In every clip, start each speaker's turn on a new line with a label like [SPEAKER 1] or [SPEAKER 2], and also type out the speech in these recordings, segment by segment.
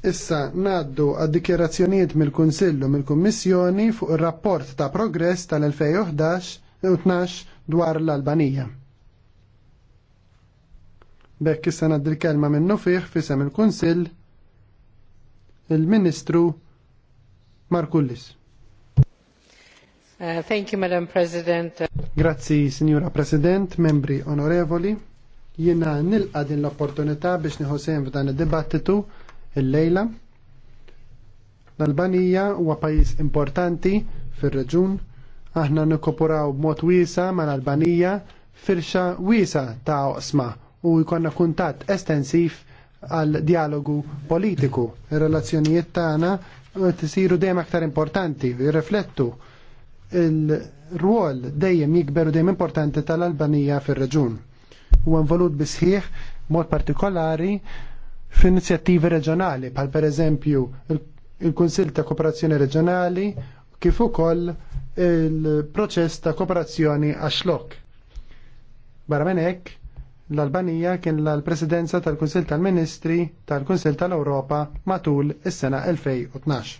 [SPEAKER 1] Issa naddu għad dikjerazzjonijiet mill-Kunsillu mill-Kummissjoni fuq ir-rapport ta' progress tal-2011 dwar l-Albanija. Bekk issa ngħaddi l-kelma minnu fih fisem il-Kunsill il-Ministru Markullis. Uh, thank you, Madam President. Grazzi, Signora President, membri onorevoli. Jiena nilqa din l-opportunità biex nieħu sehem f'dan id-dibattitu Illejla l-Albanija huwa pajjiż importanti fir-reġun. Aħna nikkopuraw b'mod wiesa mal-Albanija firxa wiesa ta' oqsma u jkollna kuntatt estensiv għal dialogu politiku. Ir-relazzjonijiet tagħna tisiru dejjem aktar importanti, jirreflettu il-rwol dejjem jikberu dejjem importanti tal-Albanija fir-reġun. Huwa involut bisħieħ mod partikolari f'inizjattivi reġjonali per pereżempju il-Kunsill ta' Kooperazzjoni Reġjonali kif ukoll il-proċess ta' kooperazzjoni għaxlok. Barra minn hekk, l-Albanija kien l-Presidenza tal-Kunsill tal-Ministri tal-Kunsill tal-Ewropa matul is-sena 2012.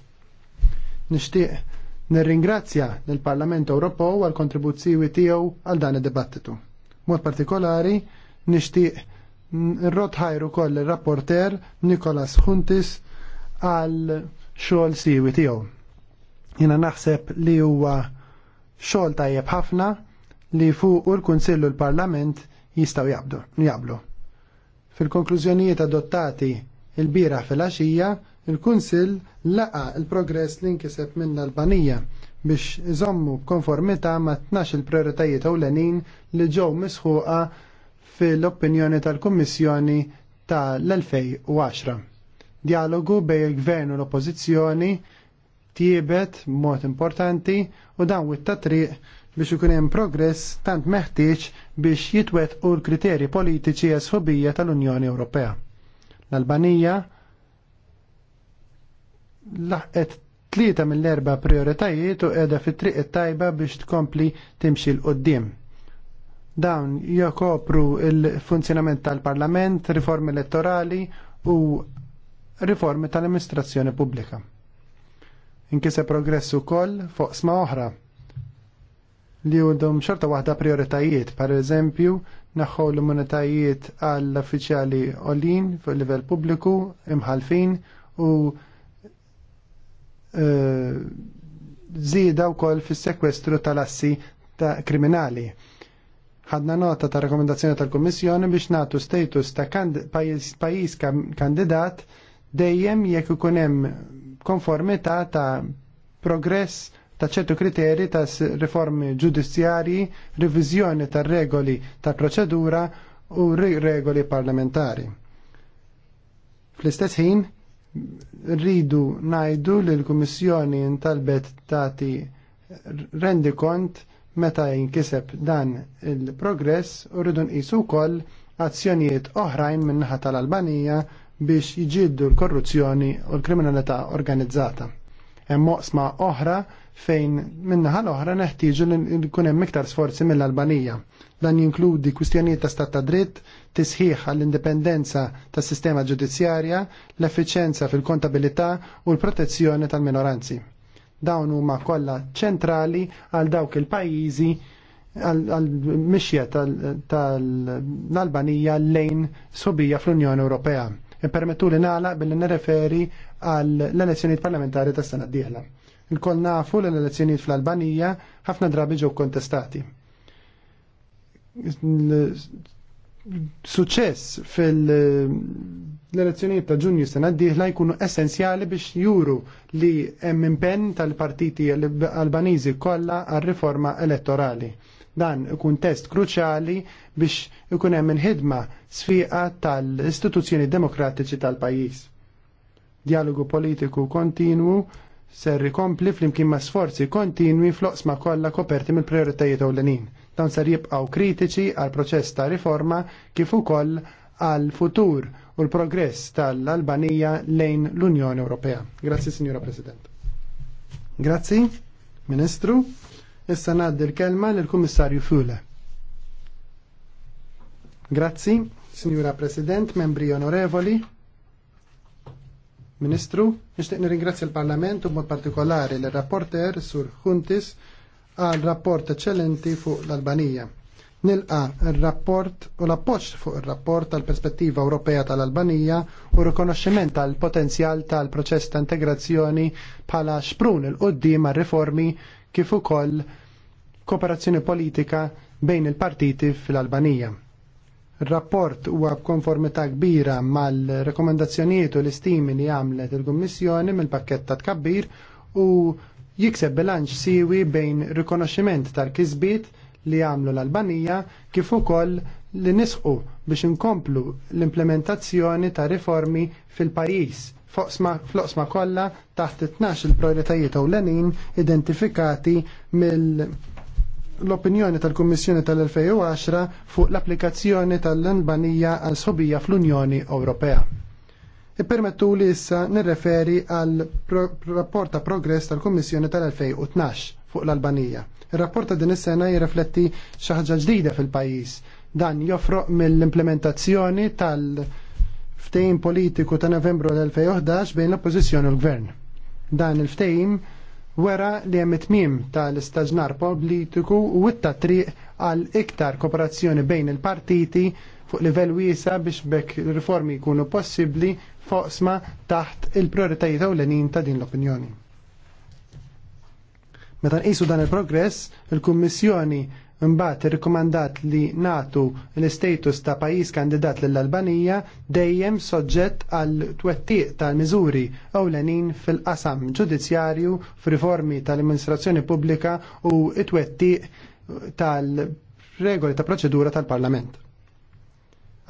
[SPEAKER 1] Nixtieq nirringrazzja lill-Parlament Ewropew għal kontribuzzjoni tiegħu għal dan id-dibattitu. Mod partikolari nixtieq ħajru koll il-rapporter Nikolas Huntis għal xogħol siwi tiegħu. Jiena naħseb li huwa xogħol tajjeb ħafna li fuq u l-Kunsillu l-Parlament jistgħu jablu. Fil-konklużjonijiet adottati il-bira fil axija il-Kunsill laqa il-progress li nkiseb minn l-Albanija biex iżommu b'konformità ma' 12 il-prioritajiet ewlenin li ġew misħuqa fil-opinjoni tal-Kummissjoni tal-2010. Dialogu bej il-Gvern u l-Oppożizzjoni tiebet mod importanti u dan witta triq biex ikun hemm progress tant meħtieġ biex jitwettqu l-kriterji politiċi esħobija tal-Unjoni Ewropea. L-Albanija laħqet tlieta mill-erba prioritajiet u qiegħda fit-triq it-tajba biex tkompli timxi l qoddim Dawn jokopru il-funzjonament tal-Parlament, riformi elettorali u riformi tal-amministrazzjoni pubblika. Inkise progressu kol fuq sma oħra li għandhom xorta waħda prioritajiet, per eżempju, naħħu l monetajiet għall uffiċjali olin fuq livell pubbliku, imħalfin u uh, zida fis sekwestru tal-assi ta' kriminali ħadna nota ta' rekomendazzjoni tal-Kommissjoni biex natu status ta' kand pajis kandidat dejjem jekk ikun hemm konformità ta' progress ta' ċertu kriteri ta' riformi ġudizzjarji, riviżjoni ta' regoli ta' proċedura u regoli parlamentari. Fl-istess ħin, rridu najdu li l-Kummissjoni intalbet tagħti rendi kont Meta jinkiseb dan il-progress, rridu nqisu wkoll azzjonijiet oħrajn minnaħa tal-Albanija biex jġiddu l-korruzzjoni u l-kriminalità organizzata. Hemm oqsma oħra fejn minnaħa l-oħra neħtieġu li nkun hemm iktar sforzi mill-Albanija. Dan jinkludi kwistjonijiet ta' stat ta' dritt, tisħiħ għall-indipendenza tas sistema ġudizzjarja, l-effiċenza fil-kontabilità u l-protezzjoni tal-minoranzi. Dawn huma kollha ċentrali għal dawk il-pajjiżi għal-mixja tal-Albanija lejn subija fl-Unjoni Ewropea. E permettu li nagħlaq billi nirreferi għall elezzjonijiet parlamentari tas sena d-dieħla. Il-kol nafu l elezzjonijiet fl-Albanija ħafna drabi ġew kontestati suċess fil-elezzjonijiet ta' ġunju sena diħla jkunu essenzjali biex juru li hemm impenn tal-partiti albaniżi kollha għar-riforma elettorali. Dan ikun test kruċjali biex ikun hemm il-ħidma sfiqa tal-istituzzjoni demokratiċi tal-pajjiż. Dialogu politiku kontinwu ser ikompli flimkien ma' sforzi kontinwi ma' kollha koperti mill prioritajiet ewlenin. Dan ser jibqgħu kritiċi għal proċess ta' riforma kif ukoll għal futur u l-progress tal-Albanija lejn l-Unjoni Ewropea. Grazzi, Signora President. Grazzi, Ministru. Issa ngħaddi l-kelma lill-Kummissarju Fule. Grazzi, Signora President, membri onorevoli, Ministru, nixtieq nirringrazzja l-Parlament u mod partikolari l-rapporter Sur Huntis għal rapport eċċellenti fuq l-Albanija. Nilqa il-rapport u l-appoġġ fuq il-rapport tal-perspettiva Ewropea tal-Albanija u rikonoxximent tal-potenzjal tal-proċess ta' integrazzjoni bħala xprun il-qoddim għal riformi kif ukoll kooperazzjoni politika bejn il-partiti fil-Albanija. Il-rapport huwa b'konformità kbira mal-rekomendazzjonijiet u l-istimi li għamlet il-Kummissjoni mill-pakket ta' tkabbir u jikseb bilanċ siwi bejn rikonoxximent tal-kisbiet li għamlu l-Albanija kif ukoll li nisqu biex inkomplu l-implementazzjoni ta' riformi fil-pajjiż floqsma kollha taħt it-tnax il-prioritajiet ewlenin identifikati mill- l-opinjoni tal-Kummissjoni tal-2010 fuq l-applikazzjoni tal-Albanija għal sobija fl-Unjoni Ewropea. Ippermettu li issa nirreferi għal rapport ta' progress tal-Kummissjoni tal-2012 fuq l-Albanija. il rapporta din is-sena jirrifletti xi ħaġa ġdida fil-pajjiż. Dan joffroq mill-implementazzjoni tal-ftehim politiku ta' Novembru 2011 bejn l-Oppożizzjoni u l-Gvern. Dan il ftejim wera li hemm it-tmiem tal-istaġnar politiku u itta triq għal iktar kooperazzjoni bejn il-partiti fuq livell wiesa biex bekk riformi jkunu possibbli foqsma taħt il-prioritajiet ewlenin ta' din l-opinjoni. Meta nqisu dan il-progress, il-Kummissjoni Imbagħad irrikomandat li natu l-istatus ta' pajjiż kandidat lill-Albanija dejjem soġġett għal twettiq tal-miżuri ewlenin fil-qasam ġudizzjarju f'riformi tal-amministrazzjoni pubblika u twettiq tal-regoli ta' proċedura tal-Parlament.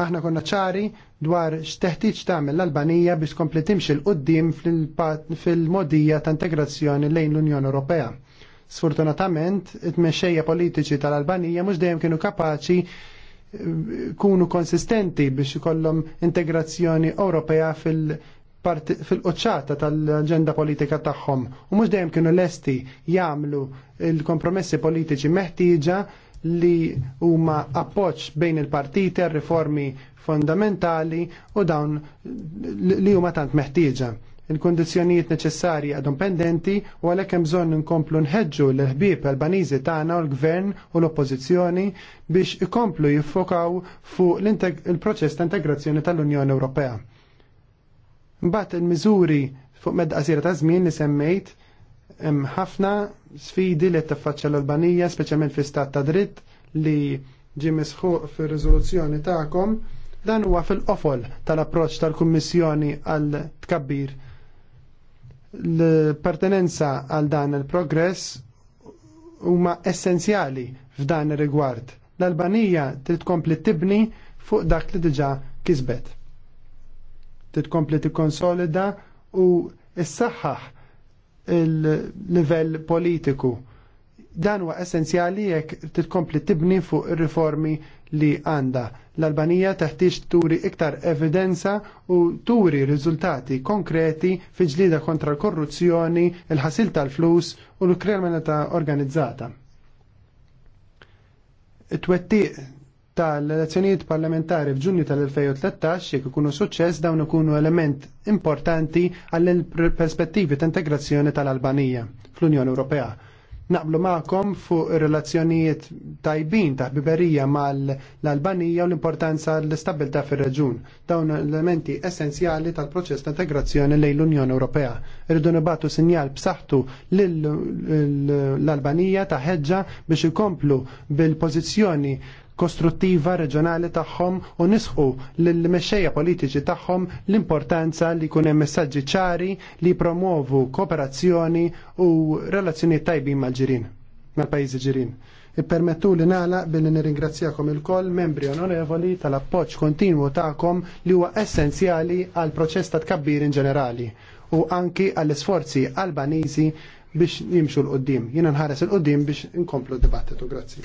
[SPEAKER 1] Aħna konna ċari dwar x'teħtieġ tagħmel l-Albanija biex kompletimx timxi l-qudiem fil-modija ta' integrazzjoni lejn l-Unjoni Ewropea Sfortunatament, it-mexxejja politiċi tal-Albanija mhux dejjem kienu kapaċi eh, kunu konsistenti biex ikollhom integrazzjoni Ewropea fil- fil-qoċċata tal-agenda politika tagħhom u mhux dejjem kienu lesti jagħmlu il-kompromessi politiċi meħtieġa li huma appoġġ bejn il-partiti għal riformi fondamentali u dawn li huma tant meħtieġa il-kondizjonijiet neċessarji għadhom pendenti u għalhekk hemm bżonn inkomplu nħeġġu l-ħbieb Albaniżi tagħna u l-Gvern u l-Oppożizzjoni biex ikomplu jiffokaw fuq il-proċess ta' integrazzjoni tal-Unjoni Ewropea. Mbagħad il-miżuri fuq medda qasira ta' żmien li semmejt hemm ħafna sfidi li tiffaċċja l-Albanija, speċjalment fl-istat ta' dritt li ġie misħuq fir-riżoluzzjoni tagħkom dan huwa fil-qofol tal-approċċ tal-Kummissjoni għal tkabbir l-pertenenza għal dan il-progress huma essenzjali f'dan ir-rigward. L-Albanija trid tkompli tibni fuq dak li diġà kisbet. Trid tkompli tikkonsolida u issaħħaħ il-livell politiku. Dan huwa essenzjali jekk titkompli tibni fuq ir-riformi li għanda. L-Albanija teħtieġ turi iktar evidenza u turi riżultati konkreti fi ġlida kontra l-korruzzjoni, il-ħasil tal-flus u l-kriminalità organizzata. It-twettiq tal-elezzjonijiet parlamentari f'Ġunju tal-2013 jekk ikunu suċċess dawn ikunu element importanti għall perspettivi ta' integrazzjoni tal-Albanija fl-Unjoni Ewropea naqblu ma'kom fuq relazzjonijiet tajbin ta' biberija mal-Albanija u l-importanza l-istabilta fil-reġun. Dawn elementi essenzjali tal-proċess ta' integrazzjoni lejn l-Unjoni Ewropea. Irridu nibatu sinjal b'saħħtu l-Albanija ta' ħeġġa biex ikomplu bil-pożizzjoni kostruttiva reġjonali tagħhom u nisħu lill-mexxejja politiċi tagħhom l-importanza li jkun hemm messaġġi ċari li promuovu kooperazzjoni u relazzjonijiet tajbin mal-ġirien mal-pajjiżi ġirien. Ippermettu li nala billi nirringrazzjakom il-koll membri onorevoli tal-appoġġ kontinwu tagħkom li huwa essenzjali għal proċess ta' tkabbir in ġenerali u anki għall isforzi albaniżi biex jimxu l-qoddim. Jiena nħares l-qoddim biex inkomplu d-dibattitu. Grazzi.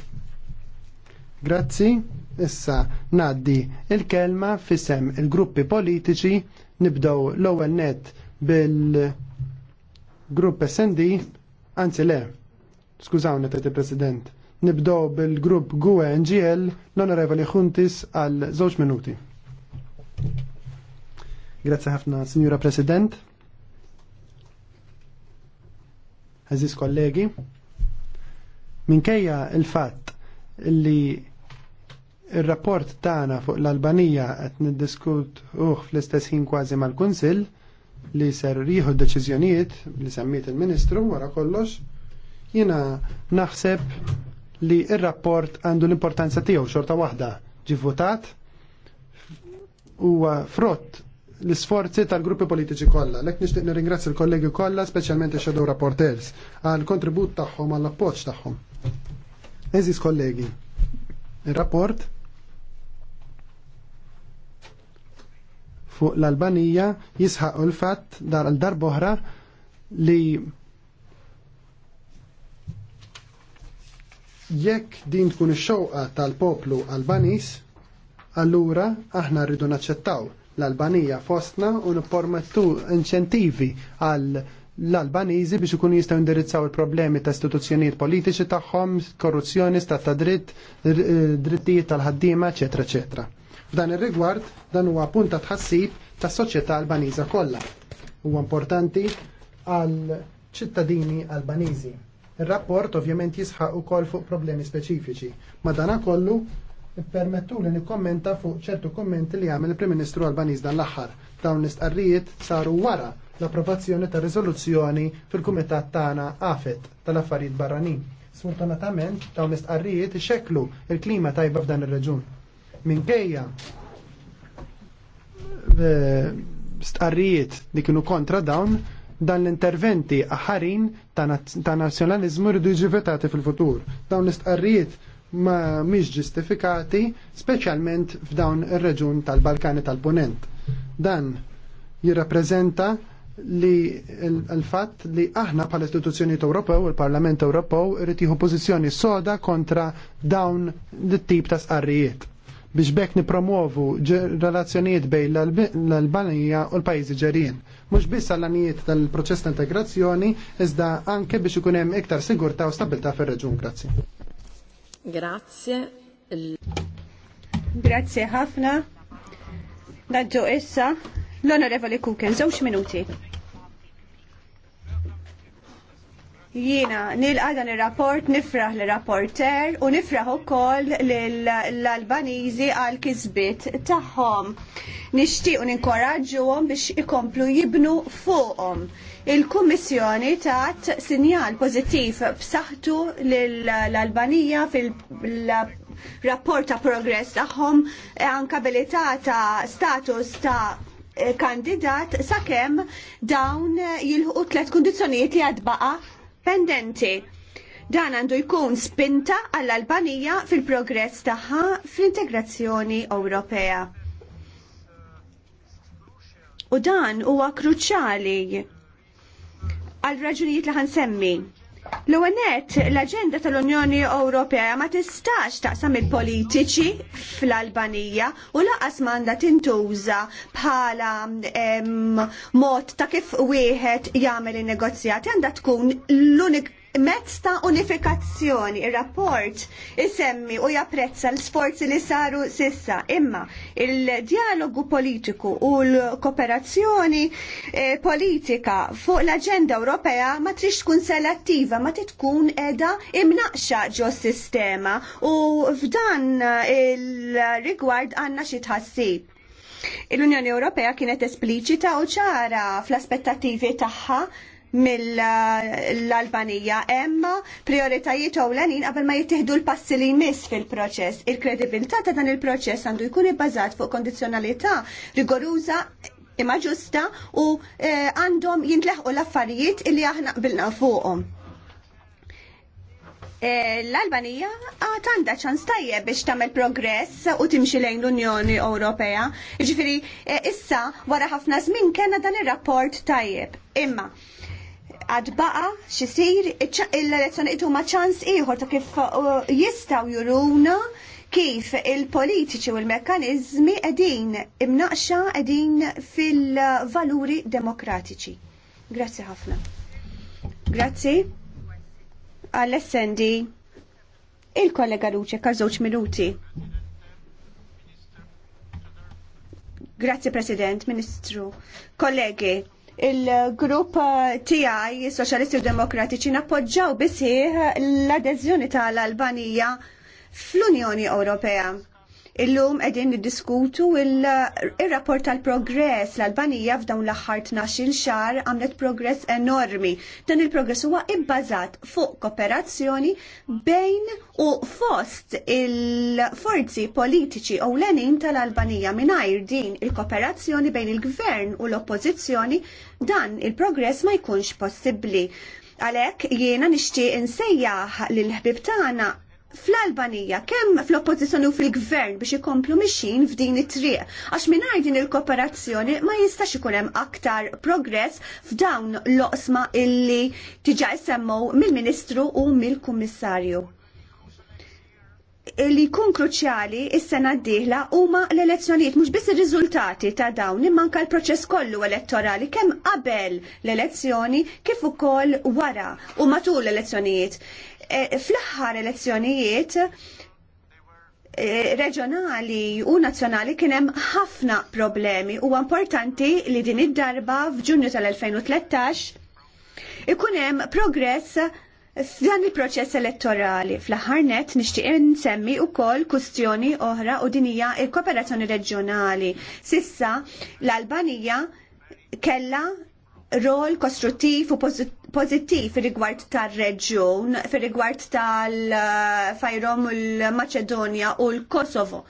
[SPEAKER 1] Grazzi, issa naddi il-kelma fisem il-gruppi politiċi nibdow l-ewwel net bil-grupp SND, anzi le, skużawni tajt il-President, nibdow bil-grupp GUE NGL l-Onorevoli Juntis għal żewġ minuti. Grazie ħafna, Signora President. Aziz kollegi, minkejja il-fatt li Il-rapport tagħna fuq l-Albanija qed niddiskut uħ fl-istess ħin kważi mal-Kunsill li ser d deċiżjonijiet li semmiet il-Ministru wara kollox, jiena naħseb li il rapport għandu l-importanza tiegħu xorta waħda ġi votat huwa frott l-sforzi tal-gruppi politiċi kollha. Lek nixtieq nirringrazzja l-kollegi kollha, speċjalment ix-shadow rapporters, għal kontribut tagħhom għall appoġġ tagħhom. Eżis kollegi, ir-rapport fuq l-Albanija jisħaq l-fatt dar darboħra li jekk din tkun ix-xewqa tal-poplu Albanis, allura aħna rridu naċċettaw l-Albanija fostna u nippormettu inċentivi għal l-Albaniżi biex ikunu jistgħu indirizzaw il-problemi ta' istituzzjonijiet politiċi tagħhom, korruzzjoni, stat ta' dritt, drittijiet tal-ħaddiema, eċetera, eċetera. F'dan ir-rigward dan huwa punta tħassib tas-soċjetà Albaniża kollha. Huwa importanti għal ċittadini Albaniżi. Ir-rapport ovvjament jisħaq ukoll fuq problemi speċifiċi. Madana kollu permettu li nikkommenta fuq ċertu kommenti li għamel il-Prim Ministru Albaniż dan l-aħħar. Dawn l-istqarrijiet saru wara l-approvazzjoni ta' riżoluzzjoni fil-Kumitat tagħna AFET tal-affarijiet barranin. Sfortunatament dawn l-istqarrijiet ixekklu il-klima tajba f'dan ir-reġun minkejja stqarrijiet li kienu kontra dawn dan l-interventi aħarin ta' nazjonalizmu rridu ġivetati fil-futur. Dawn l-istqarrijiet ma mhix ġustifikati, speċjalment f'dawn ir-reġun tal-Balkani tal-Ponent. Dan jirrappreżenta li l-fatt li aħna pal istituzzjonijiet Ewropew u l-Parlament Ewropew irid jieħu pożizzjoni soda kontra dawn it-tip ta' sqarrijiet biex bekk nipromovu relazzjonijiet bejn l-Albanija u l-pajjiżi ġerien. Mhux biss għal anijiet tal-proċess ta' integrazzjoni, iżda anke biex ikun hemm iktar sigurtà u stabilta fil reġun Grazzi.
[SPEAKER 2] Grazie. Grazie ħafna. Naġġu issa l-Onorevoli Kuken, żewġ minuti. Jiena nilqa dan ir-rapport, nifraħ l rapporter u nifraħ ukoll l-Albaniżi għal kisbiet tagħhom. Nixtiequ ninkoraġġuhom biex ikomplu jibnu fuqhom. Il-Kummissjoni tat sinjal pozittiv b'saħħtu l-Albanija fil-rapport ta' progress tagħhom e ankabilità abilitata status ta' kandidat sakemm dawn jilħu tliet kundizzjonijiet li għadbaqa' indipendenti. Dan għandu jkun spinta għall-Albanija fil-progress tagħha fl-integrazzjoni Ewropea. U dan huwa kruċjali għal raġunijiet li ħansemmi. L-għanet, l-agenda tal-Unjoni Ewropea ma tistax taqsam il-politiċi fl-Albanija u laqas manda tintuża bħala mod ta' kif wieħed jagħmel in-negozjati għandha tkun l-unik mezz ta' unifikazzjoni. il rapport isemmi u japprezza l-sforzi li saru sissa, imma il-dialogu politiku u l-kooperazzjoni eh, politika fuq l-Aġenda Ewropea ma trix tkun selettiva, ma tkun edha imnaqxa ġo sistema u f'dan eh, il-rigward għanna xi tħassib. L-Unjoni Ewropea kienet espliċita u ċara fl-aspettativi tagħha mill-Albanija. Emma prioritajiet ewlenin qabel ma jittieħdu l-passi li jmiss fil-proċess. Il-kredibilità ta' dan il-proċess għandu jkun ibbażat fuq kondizzjonalità rigoruża imma ġusta u eh, għandhom jintleħqu l-affarijiet li aħna qbilna fuqhom eh, l-Albanija għat għanda ċans tajjeb biex tamel progress u timxi lejn l-Unjoni Ewropea. Ġifiri, eh, issa wara ħafna żmien kena dan ir-rapport tajjeb. Imma, għad baqa xisir elezzjoni elezzjoniet ma ċans ieħor ta' kif uh, jistaw juruna kif il-politiċi u l-mekkanizmi qegħdin imnaqxa qegħdin fil-valuri demokratiċi. Grazzi ħafna. Grazzi. Alessendi. Il-kollega Luce, kar minuti. Grazie President, Ministru, kollegi, il-grupp tiegħi Soċjalisti u Demokratiċi nappoġġaw bisih l-adeżjoni tal-Albanija fl-Unjoni Ewropea. Illum qegħdin niddiskutu il-rapport tal-progress l-Albanija f'dawn l-aħħar 12 xahar għamlet progress enormi. Dan il-progress huwa ibbażat fuq kooperazzjoni bejn u fost il-forzi politiċi ewlenin tal-Albanija mingħajr din il-kooperazzjoni bejn il-gvern u l-oppożizzjoni dan il-progress ma jkunx possibbli. Għalhekk jiena nixtieq insejjaħ lil ħbib tagħna fl-Albanija, kemm fl-oppozizjoni u fil-gvern biex ikomplu mixin f'din it-triq, għax mingħajr din il-kooperazzjoni ma jistax ikun hemm aktar progress f'dawn l-oqsma illi tiġa jsemmew mill-Ministru u mill-Kummissarju li jkun kruċjali is-sena d-dieħla huma l-elezzjonijiet mhux biss ir-riżultati ta' dawn imma anke l-proċess kollu elettorali kemm qabel l-elezzjoni kif ukoll wara u matul l-elezzjonijiet. E, fl-aħħar elezzjonijiet e, reġjonali u nazzjonali kien hemm ħafna problemi u importanti li din id-darba f'Ġunju tal-2013 ikun hemm progress F'dan il-proċess elettorali fl-aħħar net nixtieq nsemmi wkoll kustjoni oħra u din hija l-kooperazzjoni reġjonali. Sissa l-Albanija kella rol kostruttiv u pożittiv fir-rigward tar-reġjun, fir-rigward tal-Fajrom u l-Maċedonja u l-Kosovo.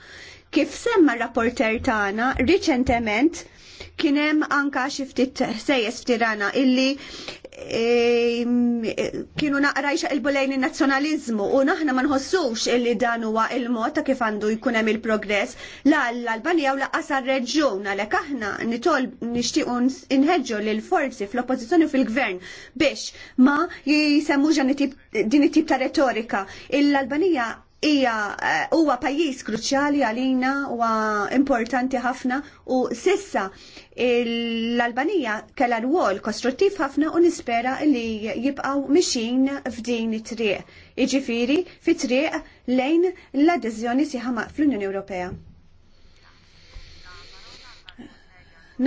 [SPEAKER 2] Kif semma r rapporter tagħna riċentement Kien hemm anka xi ftit f'Tirana illi e, kienu naqra il-bulejn il nazjonalizmu u naħna ma nħossux illi dan huwa il-mod ta' kif għandu jkun hemm il-progress la l-Albanija u laqqas ar-reġjun għalhekk aħna nitolb nixtiequ inħeġġu lil forzi fl-oppożizzjoni u fil-gvern biex ma jisemmuġa din it-tip ta' retorika. L-Albanija hija eh, huwa pajjiż kruċjali għalina huwa importanti ħafna u sissa l-Albanija kellha rwol kostruttiv ħafna u nispera li jibqaw mixin f'din it-triq. Jiġifieri fi triq lejn l adżjoni sieħa fl-Unjoni Ewropea.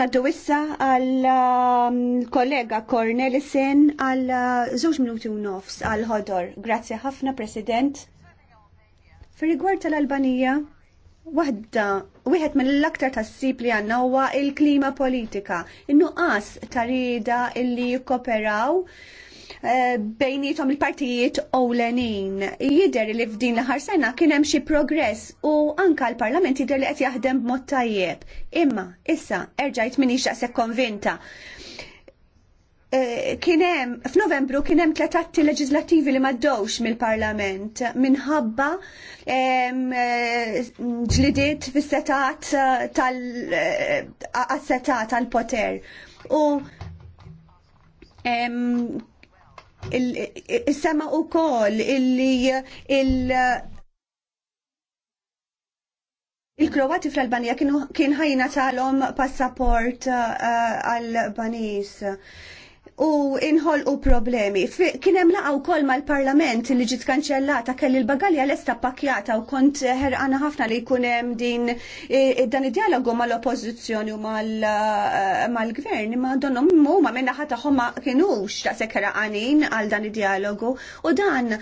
[SPEAKER 2] Naddu issa għal um, kollega Cornelisen għal uh, żewġ minuti u nofs għal ħodor. Grazzi ħafna, President fil rigward tal-Albanija, Waħda, wieħed mill-aktar tassib li għanna huwa il-klima politika, in-nuqqas tarida illi jikkoperaw eh, bejnietom il-partijiet ewlenin. Jider li f'din l-ħar sena kien hemm xi progress u anka l-Parlament jidher li qed jaħdem b'mod tajjeb. Imma issa erġajt minix daqshekk konvinta. Eh, kienem, f'Novembru kienem tlet atti leġislativi li maddowx mill-Parlament minħabba eh, ġlidiet fis-setat eh, tal-setat tal-poter. U sema u kol illi il- Il-Kroati fl-Albanija kien ħajna tal-om passaport għal-Banis. Uh, u inħol u problemi. Kienem laqaw kol mal-parlament li ġit kanċellata kelli l-bagalja l-esta pakjata u kont ħerqana ħafna li kunem din e, e, dan id-dialogu mal-oppozizjoni u e, mal-gvern ma donnom huma ma minna ħata ma kienux ta' sekra għanin għal dan id-dialogu u dan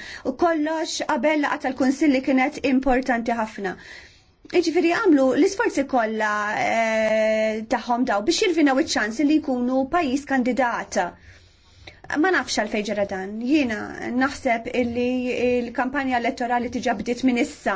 [SPEAKER 2] kollox qabel laqgħa tal-konsilli kienet importanti ħafna. Iġifiri għamlu l-isforzi kolla eh, taħħom daw biex jirvinaw iċ-ċans li jkunu pajis kandidat. Ma nafx għal fejġera dan. Jiena naħseb illi l-kampanja elettorali tiġa bdiet minn issa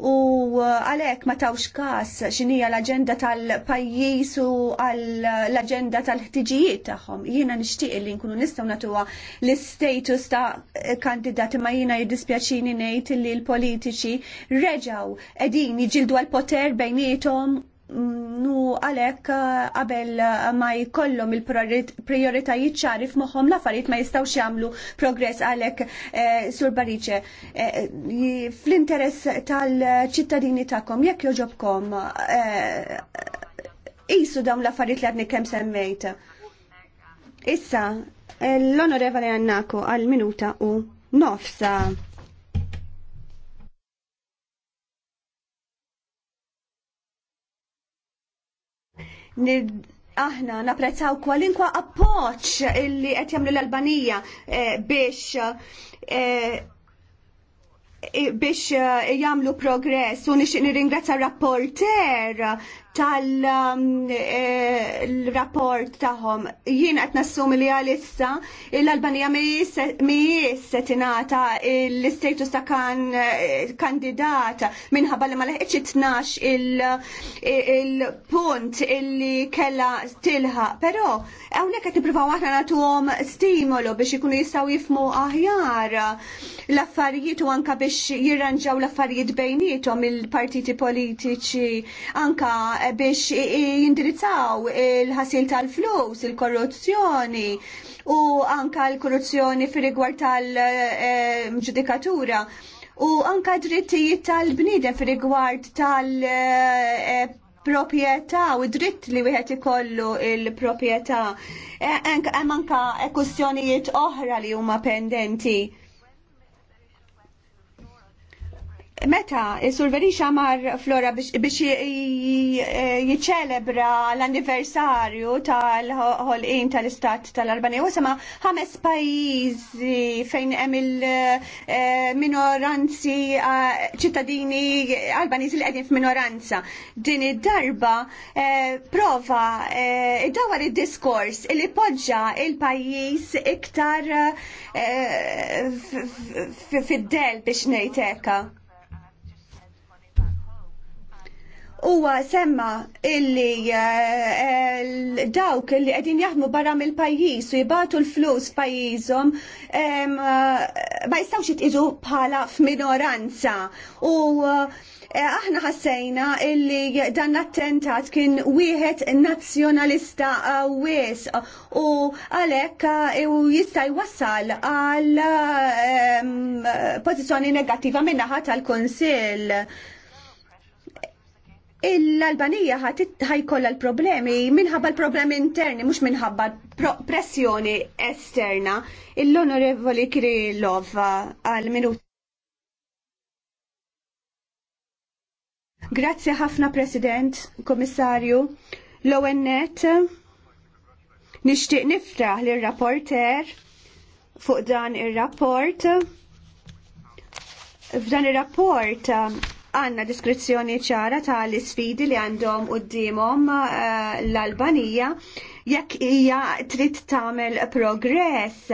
[SPEAKER 2] u uh, għalek ma tawx kas xinija l-agenda tal-pajjiż u l-agenda tal-ħtiġijiet tagħhom. Jiena nixtieq li nkunu nistgħu natuwa l status ta' kandidati ma jiena jiddispjaċini ngħid li l-politiċi reġgħu qegħdin jiġildu għall-poter bejniethom nu għalek eh, qabel eh, ma jkollhom il-prioritajiet ċari f'moħħom l-affarijiet ma jistgħux jagħmlu progress għalek eh, sur Bariċe. Fl-interess tal-ċittadini tagħkom jekk joġobkom qisu dawn l-affarijiet li għadni kemm semmejt. Issa, l-onorevole Annaku għal minuta u nofsa. aħna napprezzaw kwalinkwa appoċ illi qed jagħmlu l-Albanija eh, biex eh, biex eh, jagħmlu progress u nixtieq nirringrazzja rapporter tal-rapport ehm, eh, tagħhom. Jien qed nassumi li għalissa l-Albanija mi se tingħata l-istatus ta' kan eh, kandidat minħabba li ma leħqitx itnax il-punt illi kellha Pero, Però hawnhekk qed nippruvaw aħna nagħtuhom stimolo biex ikunu jistgħu jifmu aħjar l-affarijiet u anka biex jirranġaw l-affarijiet bejnietom il-partiti politiċi anka biex jindirizzaw il-ħasil tal-flus, il-korruzzjoni u anka l-korruzzjoni fir rigward tal-ġudikatura u anka drittijiet tal-bniedem fir rigward tal- propieta u dritt li wieħed ikollu il-proprjetà. E, hemm anka kwistjonijiet oħra li huma pendenti Meta, Sur Verisha mar Flora biex e, jiċelebra l-anniversarju tal-ħolqin tal-istat tal-Albanija, wasama ħames pajizi fejn hemm il-minoranzi e, ċittadini Albaniżi li qegħdin f'minoranza. Din id-darba e, prova id-dawar id-diskors li poġġa il-pajjiż iktar fid-del biex nejteka. huwa semma illi eh, eh, dawk illi qegħdin jaħdmu barra mill-pajjiż u jibatu l-flus pajjiżhom eh, ma jistgħux jitqisu bħala f'minoranza u aħna ħassejna illi dan l-attentat kien wieħed nazzjonalista wis u għalhekk u jista' jwassal għal pożizzjoni negattiva min-naħa tal-Kunsill l-Albanija ħajkolla l-problemi minħabba l-problemi interni, mux minħabba pressjoni esterna. Il-Onorevoli Kirillov għal-minut. Grazie ħafna President, Komissarju, l-ONET, nishtiq niftraħ l-rapporter fuq dan il-rapport. F'dan il-rapport għanna diskrizzjoni ċara tal-isfidi li għandhom d-dimom eh, l-Albanija jekk hija trid tagħmel progress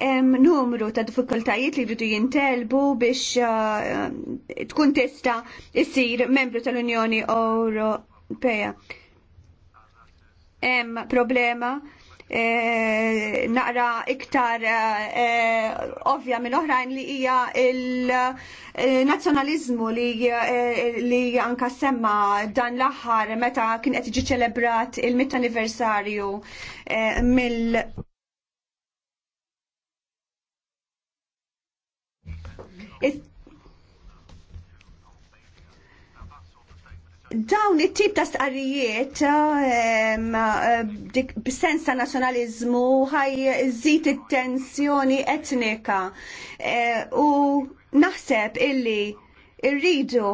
[SPEAKER 2] hemm numru ta' diffikultajiet li jridu jintelbu biex eh, tkun tista' issir membru tal-Unjoni Ewropea. Hemm problema E, naqra iktar e, ovvja minn oħrajn li hija il-nazzjonalizmu e, li anka semma dan l-aħħar meta kien qed jiġi ċelebrat il-mitt anniversarju mill Dawn it-tip ta' stqarrijiet ehm, eh, b'sens ta' nazzjonaliżmu ħaj żid it-tensjoni etnika eh, u naħseb illi rridu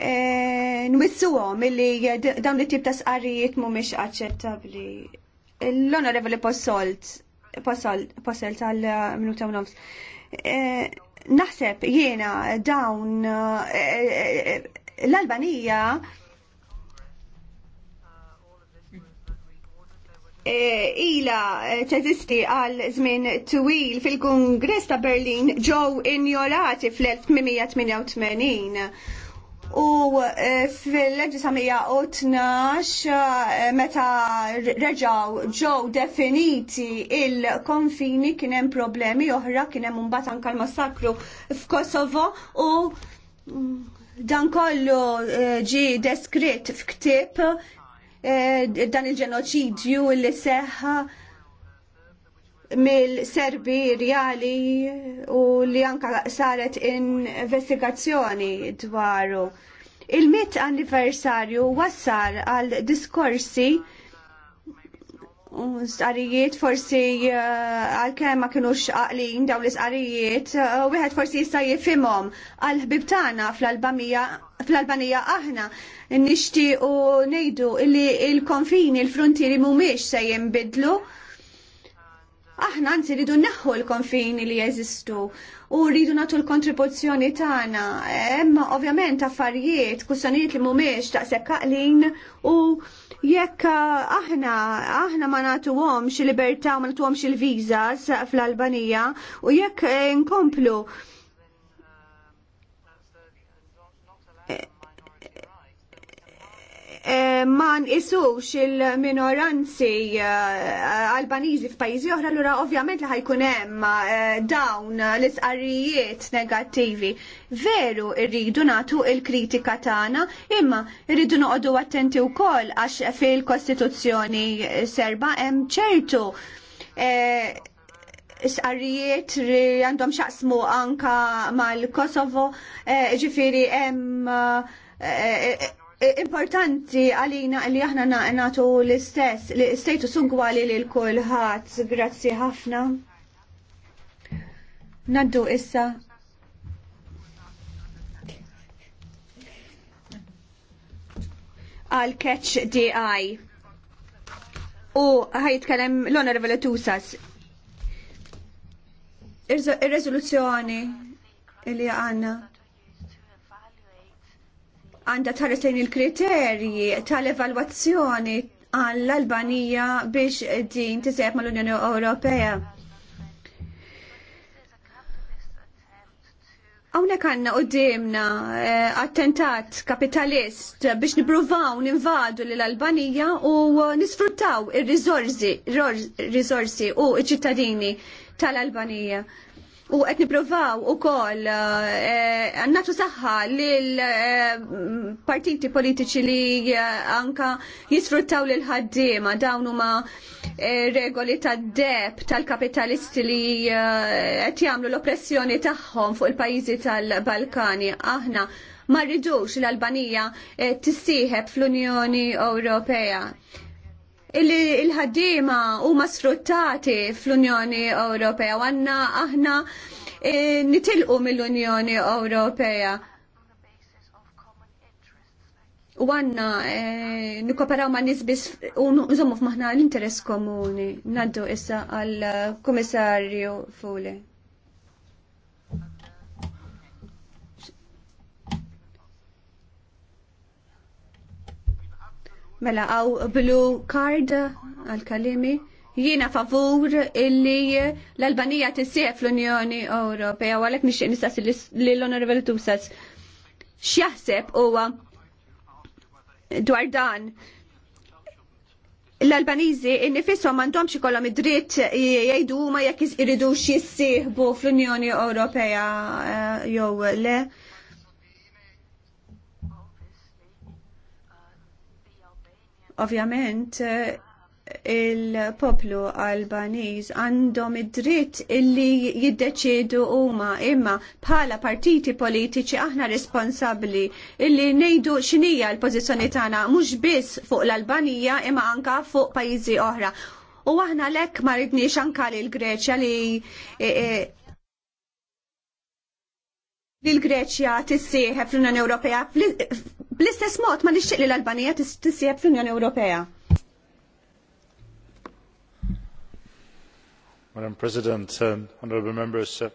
[SPEAKER 2] eh, nwissuhom illi dawn it-tip ta' stqarrijiet mhumiex aċċettabbli. L-Onorevoli Possolt, Posolt għal minuta nofs. Naħseb jiena dawn L-Albanija eh, ila eh, teżisti għal żmien twil fil-Kungress ta' Berlin ġew injolati fl-1888. U eh, fil-1912 meta reġaw ġew definiti il-konfini kien hemm problemi oħra kien hemm mbagħad anke l-massakru f'Kosovo u Dan kollu eh, ġi deskritt f'ktib eh, dan il-ġenoċidju li seħħa mill-Serbi reali u li anka saret investigazzjoni dwaru. Il-mit anniversarju wassal għal diskorsi Sqarijiet forsi eh, għalkemm ma kinux għaqlin daw l u wieħed forsi jista' jifhimhom għal ħbib tagħna fl-Albanija aħna u ngħidu li l-konfini, l-frontieri mhumiex se jinbidlu. Aħna anzi rridu neħħu l-konfini li jeżistu u rridu nagħtu l-kontribuzzjoni tagħna. Hemm ovvjament affarijiet, kussanijiet li mhumiex taqsek għaqlin u Jekk uh, aħna aħna ma nagħtuhomx libertà u ma nagħtuhomx il-viżas fl-Albanija u jekk eh, inkomplu Eh, ma nqisux il-minoranzi eh, albaniżi f'pajjiżi oħra allura ovvjament li ħajkun hemm eh, dawn l-isqarrijiet negattivi. Veru rridu nagħtu il-kritika tagħna, imma rridu noqogħdu attenti wkoll għax fil-Kostituzzjoni Serba hemm ċertu isqarrijiet li għandhom xaqsmu anka mal-Kosovo, ġifieri hemm Importanti għalina li aħna nagħtu l-istess, l li l lil kulħadd. Grazzi ħafna. Naddu issa għal catch DI. U kalem l-Honorable Tusas. ir il li għanna għanda tħares lejn il-kriterji tal-evalwazzjoni għall-Albanija biex din tiseb mal-Unjoni Ewropea. Għawnek għanna u dimna eh, attentat kapitalist biex nipruvaw ninvadu l-Albanija u nisfruttaw il-rizorsi u il-ċittadini tal-Albanija u qed nippruvaw ukoll eh, eh, nagħtu saħħa lil eh, partiti politiċi li anka jisfruttaw lil ħaddiema dawn huma regoli tad-deb tal-kapitalisti li qed jagħmlu l-oppressjoni tagħhom fuq il-pajjiżi tal-Balkani aħna ma rridux l-Albanija tissieħeb fl-Unjoni Ewropea il-ħaddiema huma sfruttati fl-Unjoni Ewropea u aħna eh, nitilqu mill-Unjoni Ewropea u għanna eh, nikoperaw ma nisbis u nżommu f'maħna l-interess komuni. Naddu issa għal komissarju Fule. Mela għaw blue card għal-kalimi. Jiena favur illi l-Albanija tisieħ fl-Unjoni Ewropea, għalek nixtieq li lill-Onorevoli Tusas. X'jaħseb huwa dwar dan l-Albaniżi innifisom xie ikollhom id-dritt jgħidu huma jekk s-sieħbu fl-Unjoni Ewropea eh, jew le. Ovvjament, eh, il-poplu albaniż għandhom id-dritt illi jiddeċidu huma imma bħala partiti politiċi aħna responsabbli illi ngħidu x'inija l-pożizzjoni tagħna mhux biss fuq l-Albanija imma anka fuq pajjiżi oħra. U aħna lek ma rridniex anka l-Greċja li eh, eh, li l-Greċja tissieħeb fl-Unjoni Ewropea bl-istess mod ma nixtieq li l-Albanija tissieħeb fl-Unjoni Ewropea. Madam President, um, honorable members, uh,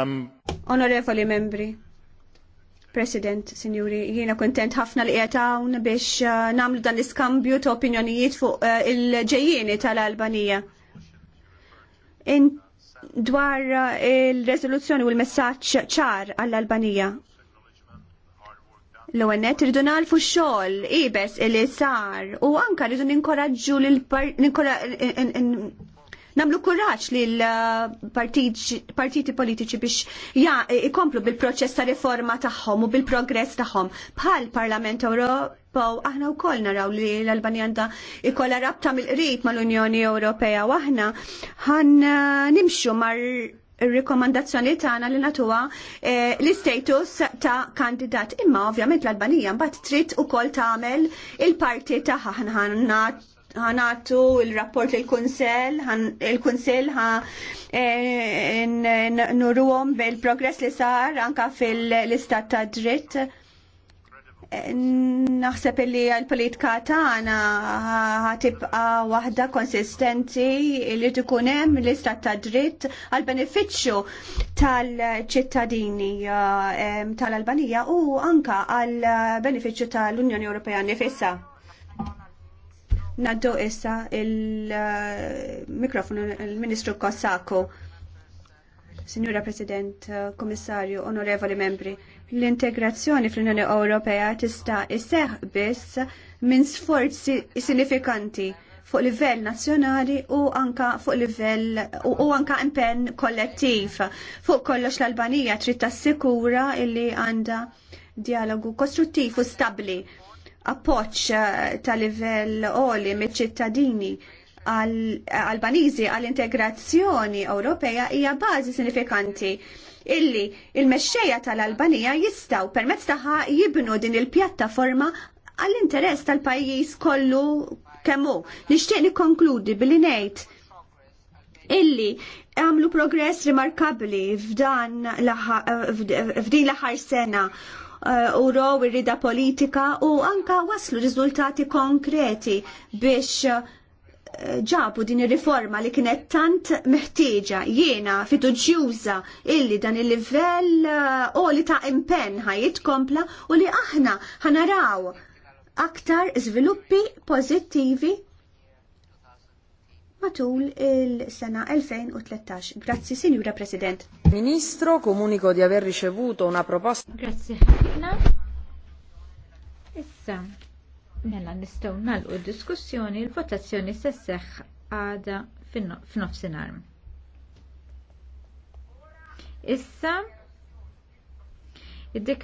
[SPEAKER 2] I'm... Onorevoli membri, President, Signori, jiena kontent ħafna li qiegħed biex uh, nagħmlu dan l-iskambju ta' opinjonijiet fuq uh, il-ġejjieni tal-Albanija dwar eh, il-rezoluzzjoni u l-messaċ ċar għall-Albanija. L-għennet rridu nalfu xol, ibes il sar u anka rridu ninkoraġġu namlu kuraċ li l-partiti eh, politiċi biex ja, ikomplu bil-proċess ta' riforma tagħhom u bil-progress tagħhom. Bħal Parlament Ewropew Ewropew aħna wkoll naraw li l-Albanija ikolla rabta mill-qrib mal-Unjoni Ewropea u aħna ħan nimxu mar il-rikomandazzjoni tagħna li natuha l-istatus ta' kandidat. Imma ovvjament l-Albanija mbagħad trid ukoll tagħmel il-parti ta' ħanħanna ħanatu il-rapport il-kunsel, il-kunsel ħa nurruhom bil-progress li sar anka fil-istat ta' dritt Naħseb li l-politika tagħna ħatibqa waħda konsistenti li tkun hemm l-istat ta' dritt għal benefiċċju tal-ċittadini eh, tal-Albanija u anka għal benefiċċju tal-Unjoni Ewropea nifissa. Naddu issa il-mikrofonu l-Ministru Kossaku. Signora President, Komissarju, Onorevoli Membri, L-integrazzjoni fl-Unjoni Ewropea tista' isseħ biss minn sforzi sinifikanti fuq livell nazzjonali u anka fuq livell u, u anka impenn kollettiv. Fuq kollox l-Albanija trid tassikura illi għandha dialogu kostruttiv u stabbli appoċ eh, ta' livell oli mit-ċittadini għal-Albanizi għal-integrazzjoni Ewropea hija bażi sinifikanti illi il-mexxejja tal-Albanija jistaw permezz taħħa jibnu din il-pjattaforma għall-interess tal-pajjiż kollu kemmu. Nixtieq nikkonkludi billi ngħid illi għamlu progress rimarkabli f'dan f'din l-aħħar sena uh, u uh, ir-rida politika u anka waslu riżultati konkreti biex ġabu din ir-riforma li kienet tant meħtieġa jiena ġjuża illi dan il-livell uh, u li ta' impenn kompla u li aħna ħanaraw aktar żviluppi pożittivi matul il-sena 2013. Grazzi, Sinjura President. Ministro, komuniko di aver ricevuto una proposta. Grazzi Hanna. Issa, Mela nistgħu nagħlqu d-diskussjoni l-votazzjoni se sseħħ għada f'nofsinhar. Issa id